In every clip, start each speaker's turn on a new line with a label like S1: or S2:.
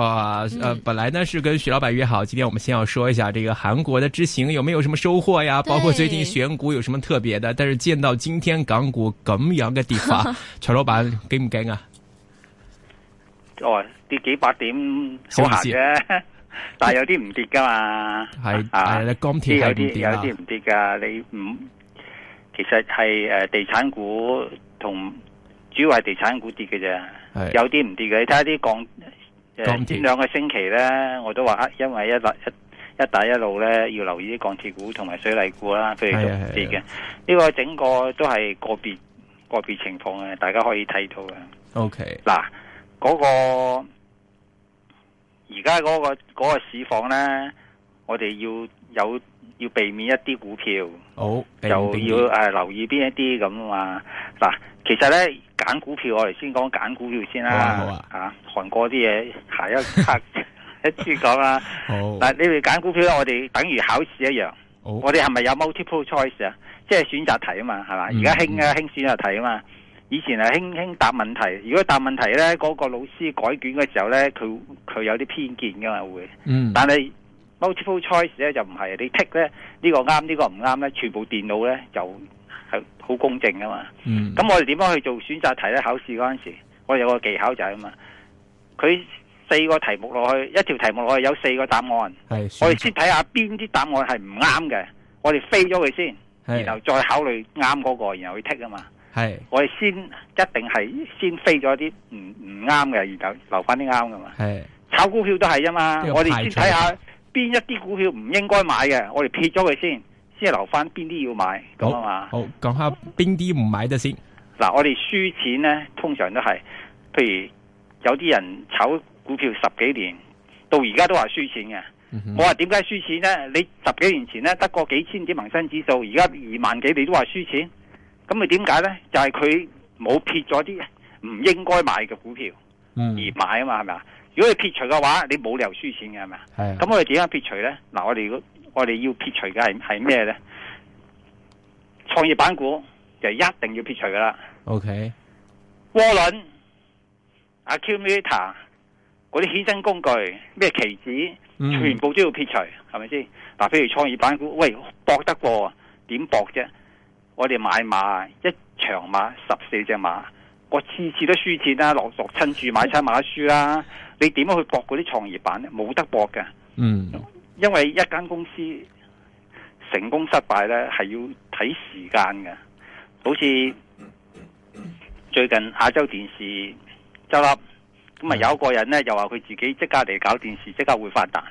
S1: 啊、呃，本來呢是跟徐老闆約好，今天我們先要說一下這個韓國的之行有沒有什麼收穫呀？包括最近選股有什麼特別的？但是見到今天港股咁樣嘅跌法，徐 老闆驚唔驚啊？哦，
S2: 跌幾百點好，好閒嘅，但係有啲唔跌噶嘛，
S1: 係係你鋼鐵不跌有啲有啲唔
S2: 跌噶，你唔、嗯、其實係誒地產股同主要係地產股跌嘅啫，有啲唔跌嘅，你睇下啲鋼。誒，兩個星期呢，我都話啊，因為一落一一帶一路呢，要留意啲鋼鐵股同埋水泥股啦，譬如咁啲嘅。呢、哎哎這個整個都係個別個別情況嘅，大家可以睇到嘅。OK，嗱、啊，嗰、那個而家嗰個、那個市況呢，我哋要有要避免一啲股票，
S1: 好、oh, 就要誒、啊、
S2: 留意邊一啲咁啊。嗱、啊，其實呢。揀股票我哋先講揀股票先啦，啊啊，啊，韓國啲嘢，下一刻 一知講啦。好，嗱，你哋揀股票咧，我哋等於考試一樣。我哋係咪有 multiple choice 就是是，嗯、啊？即係選擇題啊嘛，係嘛？而家興啊興選擇題啊嘛。以前係興興答問題，如果答問題咧，嗰、嗰個老師改卷嘅時候咧，佢佢有啲偏見噶嘛會。嗯，但係 multiple choice 咧就唔係，你剔咧呢、呢個啱呢、呢個唔啱咧，全部電腦咧就。係好公正噶嘛？咁、嗯、我哋點樣去做選擇題咧？考試嗰陣時，我有個技巧就係啊嘛。佢四個題目落去，一條題目落去有四個答案。
S1: 係我哋先
S2: 睇下邊啲答案係唔啱嘅，我哋飛咗佢先，然後再考慮啱嗰個，然後去剔啊嘛。係我哋先一定係先飛咗啲唔唔啱嘅，然後留翻啲啱噶嘛。
S1: 係
S2: 炒股票都係啊嘛，我哋先睇下邊一啲股票唔應該買嘅，我哋撇咗佢先。即係留翻邊啲要買咁啊嘛，
S1: 好，講下邊啲唔買得先。
S2: 嗱、啊，我哋輸錢咧，通常都係，譬如有啲人炒股票十幾年，到而家都話輸錢嘅、嗯。我話點解輸錢咧？你十幾年前咧得個幾千點恒生指數，而家二萬幾，你都話輸錢？咁你點解咧？就係佢冇撇咗啲唔應該買嘅股票而買啊嘛，係咪啊？如果你撇除嘅話，你冇理由輸錢嘅，係咪啊？係。咁我哋點樣撇除咧？嗱，我哋如果我哋要撇除嘅係係咩咧？創業板股就一定要撇除噶啦。O K，渦輪、阿 Q Meter 嗰啲衍生工具，咩期指，全部都要撇除，係咪先？嗱，譬如創業板股，喂，博得過點博啫？我哋買馬，一場馬十四隻馬，我次次都輸錢啦，落落親注買親馬輸啦，你點樣去搏嗰啲創業板咧？冇得博㗎。嗯。因為一間公司成功失敗咧，係要睇時間嘅。好似最近亞洲電視執笠，咁啊有一個人咧又話佢自己即刻嚟搞電視，即刻會發達。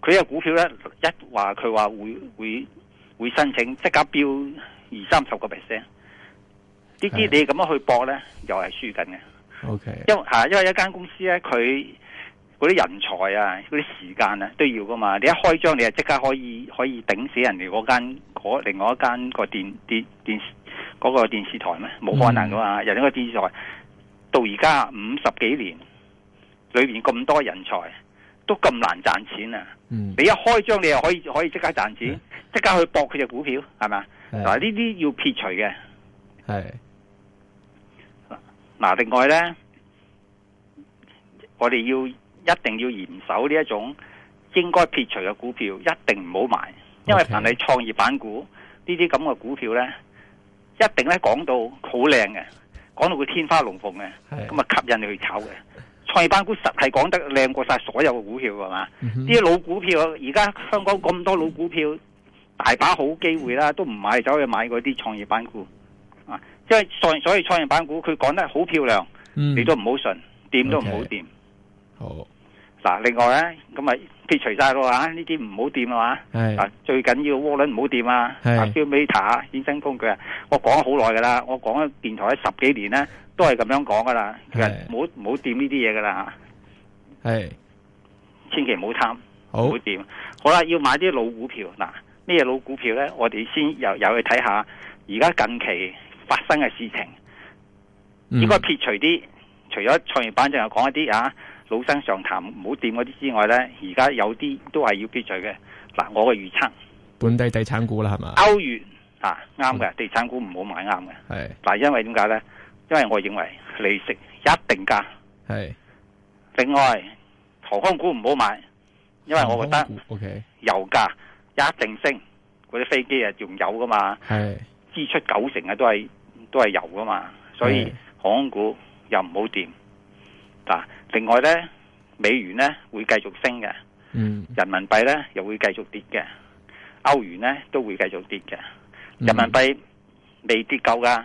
S2: 佢嘅股票呢一一話佢話會會會申請即刻飆二三十個 percent。啲啲你咁樣去搏咧，又係輸緊嘅。O、okay. K，因為吓、啊，因為一間公司咧，佢。嗰啲人才啊，嗰啲時間啊都要噶嘛。你一開張，你就即刻可以可以頂死人哋嗰間、另外一間個電電電視、嗰個電視台咩？冇可能噶嘛。嗯、人哋個電視台到而家五十幾年，裏面咁多人才都咁難賺錢啊、嗯！你一開張，你又可以可以即刻賺錢，即刻去博佢隻股票係咪？嗱，呢啲要撇除嘅。係嗱，另外咧，我哋要。一定要嚴守呢一種應該撇除嘅股票，一定唔好買。因為凡係創業板股呢啲咁嘅股票呢，一定咧講到好靚嘅，講到佢天花龍鳳嘅，咁啊吸引你去炒嘅。創業板股實係講得靚過曬所有嘅股票係嘛？啲、嗯、老股票而家香港咁多老股票，嗯、大把好機會啦，都唔買走去買嗰啲創業板股，因為所、所以創業板股佢講得好漂亮，嗯、你都唔好信，掂都唔、嗯、好掂。好。嗱，另外咧，咁咪撇除晒咯嚇，呢啲唔好掂啊嘛！係啊，最緊要窩輪唔好掂啊！係啊，調味茶、衍生工具啊，我講咗好耐噶啦，我講咗電台十幾年咧，都係咁樣講噶啦，其實唔好掂呢啲嘢噶啦嚇，係，千祈唔好貪，唔好掂。好啦，要買啲老股票，嗱，咩老股票咧？我哋先又又去睇下，而家近期發生嘅事情、嗯，應該撇除啲，除咗創業板，仲有講一啲啊。老生常談唔好掂嗰啲之外咧，而家有啲都係要避罪嘅。嗱，我嘅預測本
S1: 地地產股啦，係嘛？歐
S2: 元啊，啱嘅、嗯、地產股唔好買對，啱嘅係。但係因為點解咧？因為我認為利息一定加。係。另外，航空股唔好買，因為我覺得 OK 油價一定升，嗰啲飛機啊用油噶嘛，係支出九成啊都係都係油噶嘛，所以航空股又唔好掂嗱。啊另外咧，美元咧會繼續升嘅、嗯，人民幣咧又會繼續跌嘅，歐元咧都會繼續跌嘅、嗯。
S3: 人民幣
S2: 未跌夠噶，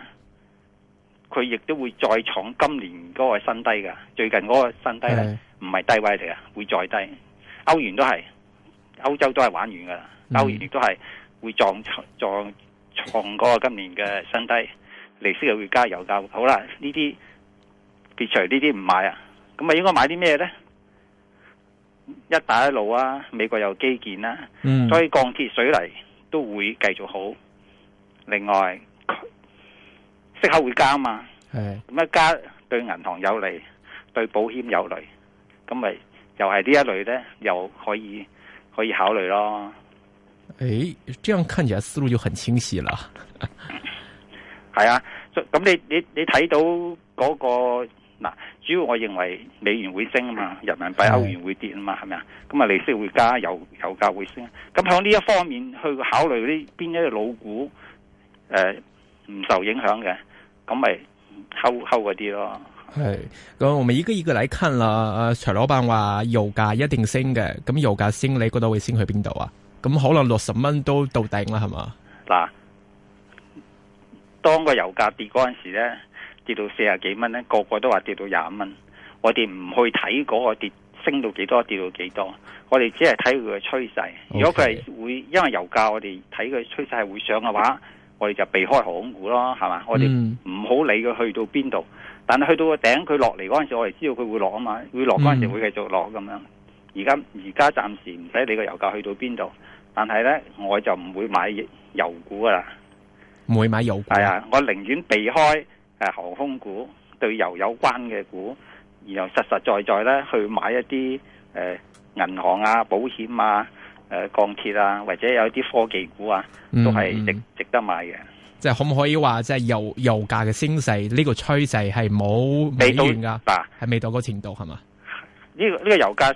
S2: 佢亦都會再創今年嗰個新低噶。最近嗰個新低咧，唔係低位嚟啊，會再低。歐元都係，歐洲都係玩完噶啦、嗯，歐元亦都係會撞創創嗰個今年嘅新低，利息又會加油噶。好啦，呢啲撇除呢啲唔買啊。咁咪應該買啲咩呢？一帶一路啊，美國又基建啦，所以鋼鐵水泥都會繼續好。另外，息口會加啊嘛，咁一加對銀行有利，對保險有利，咁咪又係呢一類呢，又可以可以考慮咯。
S1: 誒，這樣看起來思路就很清晰啦。
S2: 係啊，咁你你你睇到嗰個。嗱，主要我認為美元會升啊嘛，人民幣、歐元會跌啊嘛，係咪啊？咁啊，利息會加，油油價會升，咁響呢一方面去考慮啲邊一隻老股，誒、呃，唔受影響嘅，咁咪溝溝嗰啲咯。
S1: 係，咁我咪一個一個嚟看啦。誒、啊，徐老闆話油價一定升嘅，咁油價升，你覺得會升去邊度啊？咁可能六十蚊都到頂啦，係嘛？
S2: 嗱，當個油價跌嗰陣時咧。跌到四十幾蚊咧，個個都話跌到廿五蚊。我哋唔去睇嗰個跌升到幾多，跌到幾多。我哋只係睇佢嘅趨勢。Okay. 如果佢係會，因為油價，我哋睇佢趨勢係會上嘅話，我哋就避開航空股咯，係嘛、嗯？我哋唔好理佢去到邊度。但係去到個頂，佢落嚟嗰陣時，我哋知道佢會落啊嘛，會落嗰陣時、嗯、會繼續落咁樣。而家而家暫時唔使理個油價去到邊度，但係咧我就唔會買油股噶啦，
S1: 唔會買油股係啊，
S2: 我寧願避開。誒、啊，航空股對油有關嘅股，然後實實在在咧去買一啲誒、呃，銀行啊、保險啊、誒、呃、鋼鐵啊，或者有啲科技股啊，都係值、嗯、值得買嘅。
S1: 即係可唔可以話，即係油油價嘅升勢呢、這個趨勢係冇未到噶，嗱係未到嗰程度係嘛？呢、
S2: 這個呢、這個油價，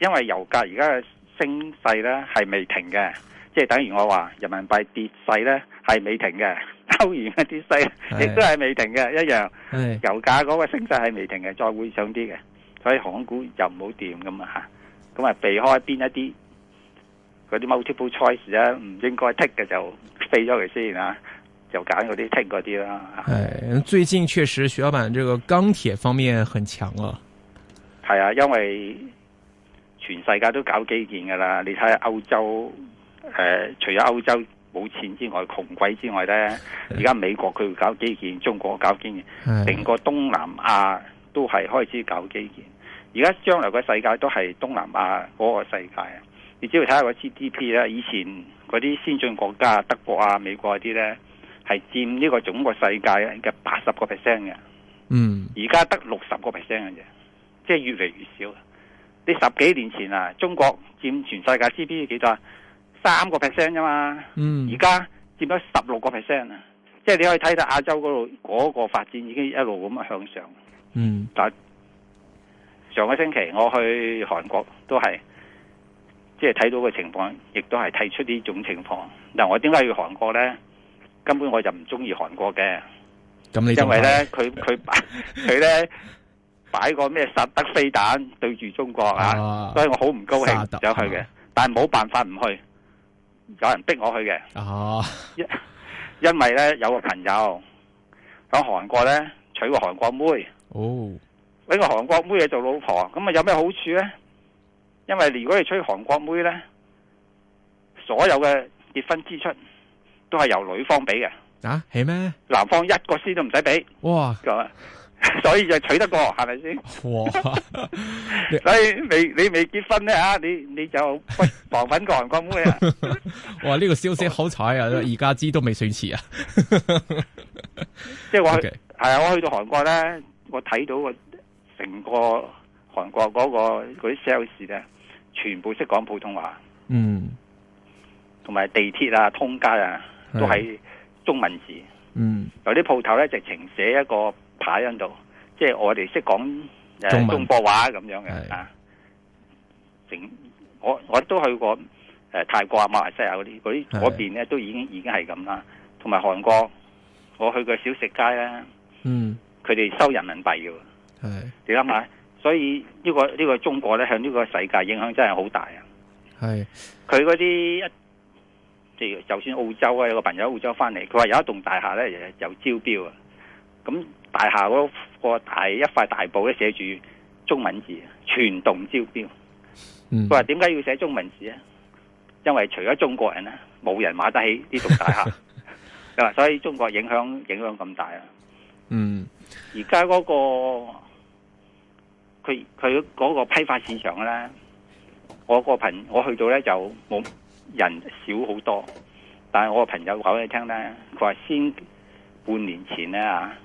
S2: 因為油價而家嘅升勢咧係未停嘅，即係等於我話人民幣跌勢咧係未停嘅。歐元一啲勢亦都係未停嘅、哎，一樣油價嗰個升勢係未停嘅，再會上啲嘅，所以航空股又唔好掂咁啊吓，咁啊避開邊一啲嗰啲 multiple choice 啊，唔應該剔 a e 嘅就飛咗佢先啊，就揀嗰啲剔嗰啲啦。誒、哎，
S1: 最近確實徐老闆，呢個鋼鐵方面很強
S2: 啊。係啊，因為全世界都搞基建噶啦，你睇下歐洲，誒、啊，除咗歐洲。冇錢之外，窮鬼之外呢，而家美國佢會搞基建，中國搞基建，成個東南亞都係開始搞基建。而家將來個世界都係東南亞嗰個世界啊！你只要睇下個 GDP 咧，以前嗰啲先進國家，德國啊、美國嗰啲呢，係佔呢個整個世界嘅八十個 percent 嘅，嗯，而家得六十個 percent 嘅啫，即係越嚟越少。你十幾年前啊，中國佔全世界 GDP 幾多啊？三個 percent 啊嘛，嗯，而家佔咗十六個 percent 啊！即係你可以睇到亞洲度、嗰個發展已經一路咁向上。嗯，但，上個星期我去韓國都係，即係睇到嘅情況亦都係睇出呢種情況，嗱，我點解去韓國咧？根本我就唔中意韓國嘅。
S1: 咁、嗯、你因為咧，
S2: 佢佢佢咧擺個咩薩德飛彈對住中國啊，所以我好唔高興走去嘅、啊。但係冇辦法唔去。有人逼我去嘅、oh.，因因為咧有個朋友響韓國咧娶個韓國妹，搵、oh. 個韓國妹嚟做老婆，咁啊有咩好處咧？因為如果你娶韓國妹咧，所有嘅結婚支出都係由女方俾嘅，
S1: 啊係咩？
S2: 男方一個先都唔使俾，哇、oh.！ 所以就娶得過係咪先？哇！ 所以你你未結婚咧啊，你你就防粉過韓國妹啊！
S1: 哇！呢、這個消息好彩啊，而 家知都未算遲啊！
S2: 即係我去係啊、okay.，我去到韓國咧，我睇到整個成、那個韓國嗰個嗰啲 sales 咧，全部識講普通話。
S1: 嗯。
S2: 同埋地鐵啊、通街啊，都係中文字。嗯。有啲鋪頭咧，直情寫一個。派喺度，即係我哋識講中中國話咁樣嘅啊！整我我都去過誒、呃、泰國啊、馬來西亞嗰啲嗰啲邊咧，都已經已經係咁啦。同埋韓國，我去過小食街咧，嗯，佢哋收人民幣嘅，係，你諗下，所以呢個呢個中國咧，向呢個世界影響真係好大啊！係佢嗰啲，即就算澳洲啊，有個朋友喺澳洲翻嚟，佢話有一棟大廈咧又有招標啊，咁。大廈嗰個大一塊大布咧，寫住中文字，全棟招標。佢話點解要寫中文字咧？因為除咗中國人咧，冇人買得起呢棟大廈。啊， 所以中國影響影響咁大啊。嗯、 那個，而家嗰個佢佢嗰個批發市場咧，我個朋友我去到咧就冇人少好多。但係我個朋友講畀你聽咧，佢話先半年前咧啊。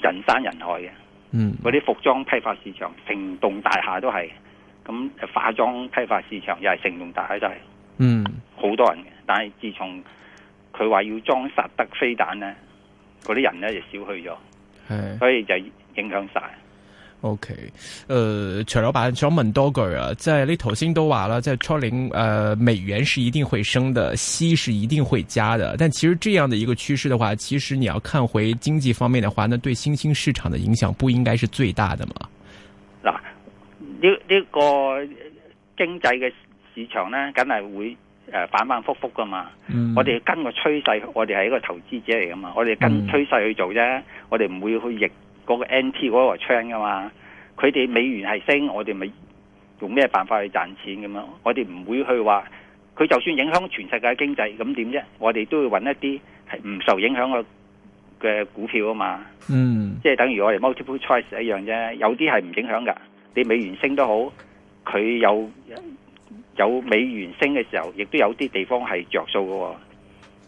S2: 人山人海嘅，嗰啲服裝批發市場成棟大廈都係，咁化妝批發市場又係成棟大廈都係嗯，好多人嘅。但係自從佢話要裝薩德飛彈咧，啲人咧就少去咗，係所以就影響晒。
S1: O、okay, K，呃，徐老闆問多個啊，即呢頭先都話啦，即超零誒，美元是一定會升的，息是一定會加的。但其實這樣的一個趨勢的話，其實你要看回經濟方面的話，那對新興市場的影響不應該是最大的嘛？啊、這
S2: 個，呢、這、呢個經濟嘅市場咧，梗係會誒反反復復噶嘛。嗯，我哋跟個趨勢，我哋係一個投資者嚟噶嘛，我哋跟趨勢去做啫，嗯，我哋唔會去逆。嗰、那個 NT 嗰個窗噶嘛，佢哋美元係升，我哋咪用咩辦法去賺錢咁樣？我哋唔會去話佢，就算影響全世界經濟咁點啫，我哋都要揾一啲係唔受影響嘅嘅股票啊嘛。嗯，即係等於我哋 multiple choice 一樣啫，有啲係唔影響噶。你美元升都好，佢有有美元升嘅時候，亦都有啲地方係着數嘅喎。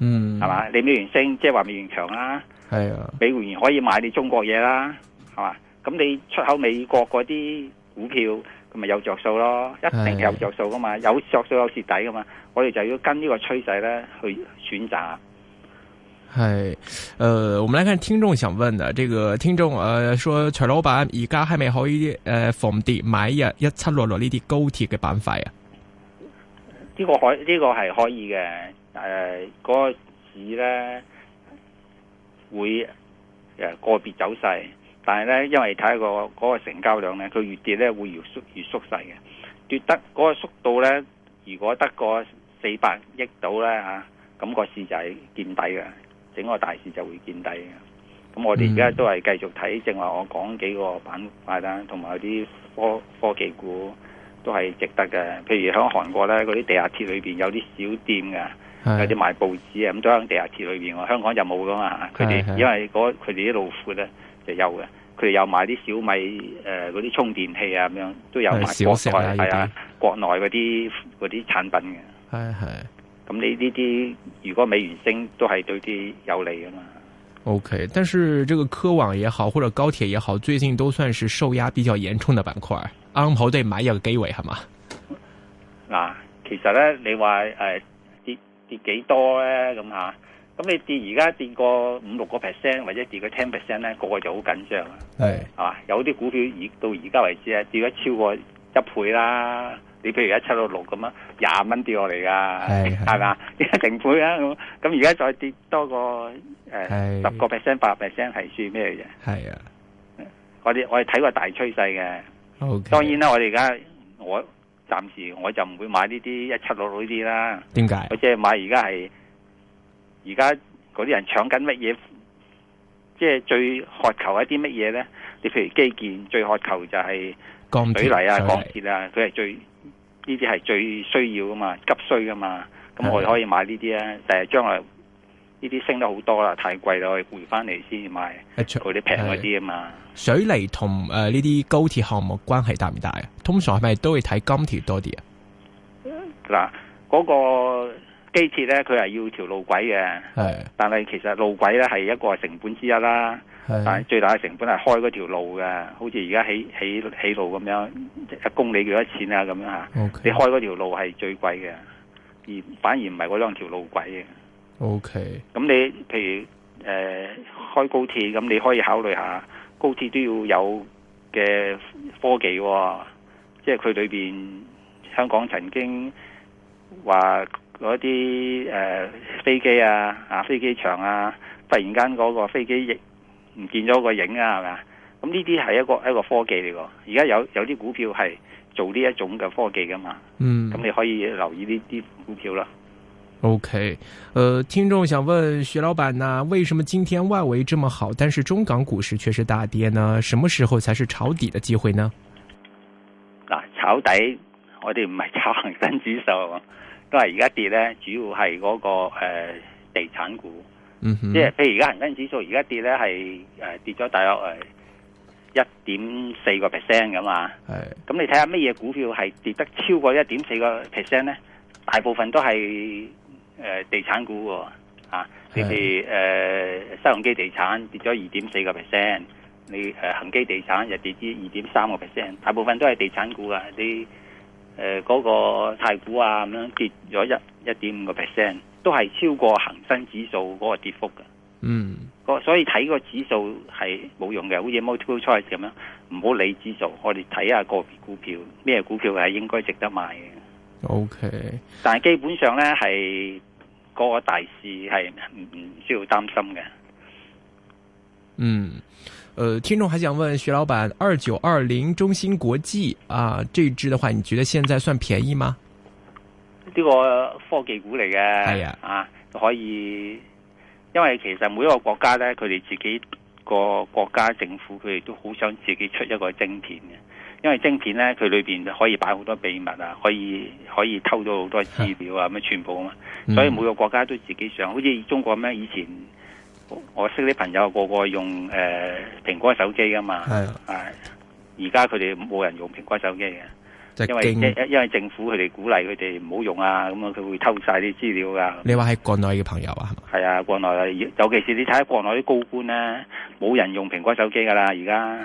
S1: 嗯，係嘛？
S2: 你美元升，即係話美元強啦。係啊，美元可以買你中國嘢啦，係嘛？咁你出口美國嗰啲股票，咁咪有着數咯？一定有着數噶嘛？有着數有蝕底噶嘛？我哋就要跟呢個趨勢咧去選擇。
S1: 係，誒、呃，我們來看聽眾想問嘅，這個聽眾誒、呃、說徐老闆而家係咪可以誒逢跌買入一七六六呢啲高鐵嘅板塊啊？呢、
S2: 這個可呢、這個係可以嘅，誒、呃，嗰、那個市咧。會誒個別走勢，但係咧，因為睇、嗰個嗰、嗰個、成交量咧，佢越跌咧會越縮越縮細嘅。跌得嗰個速度咧，如果得個四百億到咧嚇，咁、啊嗰個市就係見底嘅，整個大市就會見底嘅。咁我哋而家都係繼續睇，正話我講幾個板塊啦，同埋啲科科技股都係值得嘅。譬如喺韓國咧，嗰啲地下鐵裏邊有啲小店嘅。有啲賣報紙啊，咁都喺地下鐵裏邊。我香港就冇噶嘛。佢哋因為佢哋啲路闊咧，就有嘅。佢哋有賣啲小米誒嗰啲充電器啊，咁樣都有賣國啊，小小有國內嗰啲啲產品嘅。係，係。咁你呢啲如果美元升都係對啲有利啊嘛。
S1: OK，但是這個科網也好，或者高鐵也好，最近都算是受壓比較嚴重的板塊。啱好都係買入嘅機會係嘛？嗱，
S2: 其實咧，你話誒。呃跌幾多咧？咁吓，咁你跌而家跌過五六個 percent，或者跌個 ten percent 咧，個個就好緊張啊！係，係嘛？有啲股票而到而家為止啊，跌咗超過一倍啦！你譬如而家七到六咁樣，廿蚊跌落嚟噶，係嘛？點解定倍啊？咁咁而家再跌多個誒十個 percent、八 percent 係算咩嘅？係啊，我哋我哋睇個大趨勢嘅，okay，當然啦，我哋而家我。暫時我就唔會買呢啲一七六六呢啲啦。點解？我即係買而家係而家嗰啲人搶緊乜嘢？即係最渴求一啲乜嘢咧？你譬如基建，最渴求就係
S1: 鋼水泥啊、鋼鐵
S2: 啊，佢係、啊、最呢啲係最需要噶嘛、急需噶嘛。咁我哋可以買呢啲啊，但係將來呢啲升得好多啦，太貴啦，我哋回翻嚟先買嗰啲平嗰啲啊嘛。
S1: 水泥同誒呢啲高鐵項目關係大唔大啊？通常係咪都會睇金條多啲啊？嗱、
S2: 那個，嗰個機設咧，佢係要條路軌嘅，係。但係其實路軌咧係一個成本之一啦，但係最大嘅成本係開嗰條路嘅，好似而家起起起路咁樣一公里幾多錢啊？咁樣吓，你開嗰條路係最貴嘅，而反而唔係嗰兩條路軌嘅。
S1: O、okay.
S2: K。咁你譬如誒、呃、開高鐵，咁你可以考慮下。高鐵都要有嘅科技喎，哦，即係佢裏邊香港曾經話嗰啲誒飛機啊，啊飛機場啊，突然間嗰個飛機影唔見咗個影啊，係咪啊？咁呢啲係一個一個科技嚟㗎，而家有有啲股票係做呢一種嘅科技㗎嘛，咁、嗯、你可以留意呢啲股票啦。
S1: O K，誒，聽眾想問徐老闆呢、啊，為什麼今天外圍這麼好，但是中港股市卻是大跌呢？什麼時候才是炒底的機會呢？
S2: 嗱，炒底我哋唔係炒恒生指數，都係而家跌咧，主要係嗰、那個誒、呃、地產股，即、嗯、係譬如而家恒生指數而家跌咧係誒跌咗大約誒一點四個 percent 㗎嘛，係，咁你睇下乜嘢股票係跌得超過一點四個 percent 咧，大部分都係。誒、呃、地產股喎，啊，你哋誒新鴻基地產跌咗二點四個 percent，你誒恆、呃、基地產又跌咗二點三個 percent，大部分都係地產股噶，啲誒嗰個泰股啊，咁樣跌咗一一點五個 percent，都係超過恒生指數嗰個跌幅嘅。嗯，所以睇個指數係冇用嘅，好似 multiple choice 咁樣，唔好理指數，我哋睇下個別股票咩股票係應該值得買嘅。O、okay, K，但係基本上咧係嗰個大事係唔唔需要擔心嘅。嗯，
S1: 誒、呃，聽眾還想問徐老闆，二九二零中芯國際啊，這支的話，你覺得現在算便宜嗎？
S2: 呢、這個科技股嚟嘅，係、哎、啊，啊可以，因為其實每一個國家咧，佢哋自己個國家政府，佢哋都好想自己出一個晶片嘅。因為晶片咧，佢裏邊可以擺好多秘密啊，可以可以偷到好多資料啊，咁樣全部啊嘛、嗯。所以每個國家都自己上，好似中國咩？以前我識啲朋友個個用誒蘋果手機噶嘛，係而家佢哋冇人用蘋果手機嘅、就是，因為因為政府佢哋鼓勵佢哋唔好用啊，咁啊佢會偷晒啲資料噶。
S1: 你話喺國內嘅朋友啊？
S2: 係啊，國內尤其是你睇下國內啲高官咧，冇人用蘋果手機噶啦而家。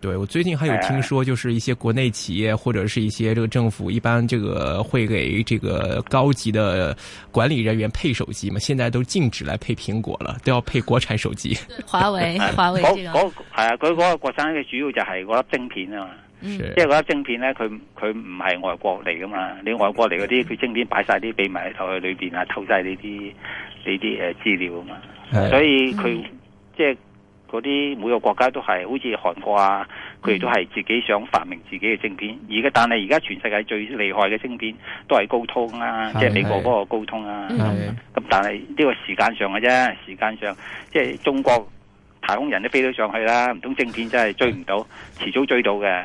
S1: 對，我最近還有聽說，就是一些國內企業或者是一些這個政府，一般這個會給這個高級的管理人員配手機嘛。現在都禁止來配蘋果了，都要配國產手機，華為、
S2: 華為嗰嗰係啊，嗰、嗯、個國產嘅主要就係嗰粒晶片啊嘛。即係嗰粒晶片咧，佢佢唔係外國嚟噶嘛？你外國嚟嗰啲，佢晶片擺晒啲秘密喺頭裏邊啊，偷晒你啲你啲誒資料啊嘛。
S1: 所以
S2: 佢即係。嗰啲每個國家都係好似韓國啊，佢哋都係自己想發明自己嘅晶片。而家但係而家全世界最厲害嘅晶片都係高通啊，是即係美國嗰個高通啊。咁、嗯、但係呢個時間上嘅啫，時間上即係中國太空人都飛咗上去啦，唔通晶片真係追唔到，遲早追到嘅。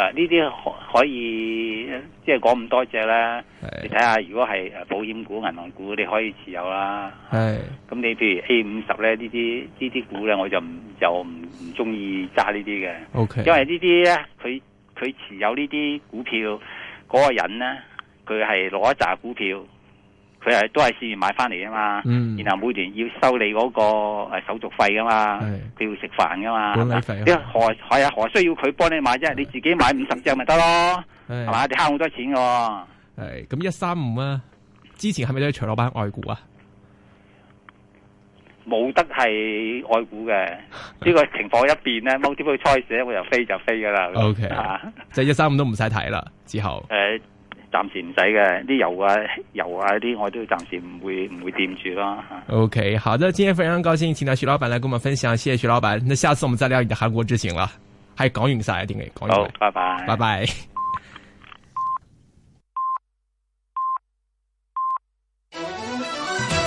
S2: 啊，呢啲，可以即係講咁多隻啦，你睇下如果係誒保險股、銀行股，你可以持有啦。
S1: 係，
S2: 咁你譬如 A 五十咧，呢啲呢啲股咧，我就唔就唔唔中意揸呢啲嘅。OK，因為呢啲咧，佢佢持有呢啲股票嗰個人咧，佢係攞一扎股票。那個佢係都係試完買翻嚟啊嘛、嗯，然後每年要收你嗰個誒手續費噶嘛，佢要食飯噶嘛，管理費啊，何係啊？何需要佢幫你買啫？即係你自己買五十隻咪得咯，
S1: 係嘛？
S2: 你慳好多錢噶、哦。係
S1: 咁一三五啊，之前係咪都係徐老闆外股啊？
S2: 冇得係外股嘅呢、這個情況一變咧，multiple choice，我就飛就飛噶啦。O K，
S1: 即係一三五都唔使睇啦，之後。
S2: 欸暫時唔使嘅，啲油啊、油啊啲，我都要暫時唔會唔會掂住咯。
S1: OK，好的，今天非常高興，請到徐老闆嚟跟我們分享，謝謝徐老闆。那下次我們再聊你的韓國之行啦，還有港運賽、啊，定嘅，好，拜拜，拜拜。